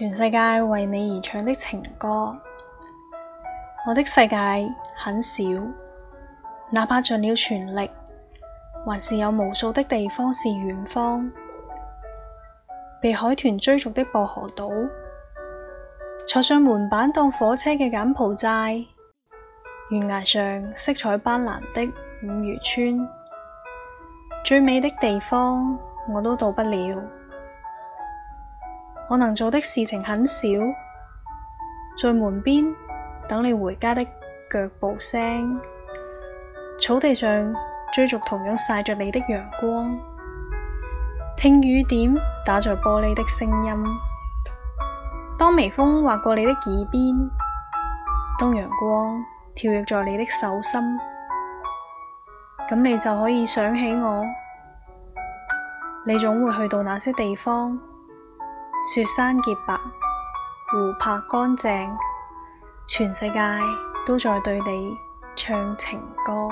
全世界為你而唱的情歌，我的世界很小，哪怕盡了全力，還是有無數的地方是遠方。被海豚追逐的薄荷島，坐上門板當火車嘅柬埔寨，懸崖上色彩斑斕的五漁村，最美的地方我都到不了。我能做的事情很少，在門邊等你回家的腳步聲，草地上追逐同樣曬着你的陽光，聽雨點打在玻璃的聲音。當微風劃過你的耳邊，當陽光跳躍在你的手心，咁你就可以想起我。你總會去到哪些地方？雪山潔白，湖泊乾淨，全世界都在對你唱情歌。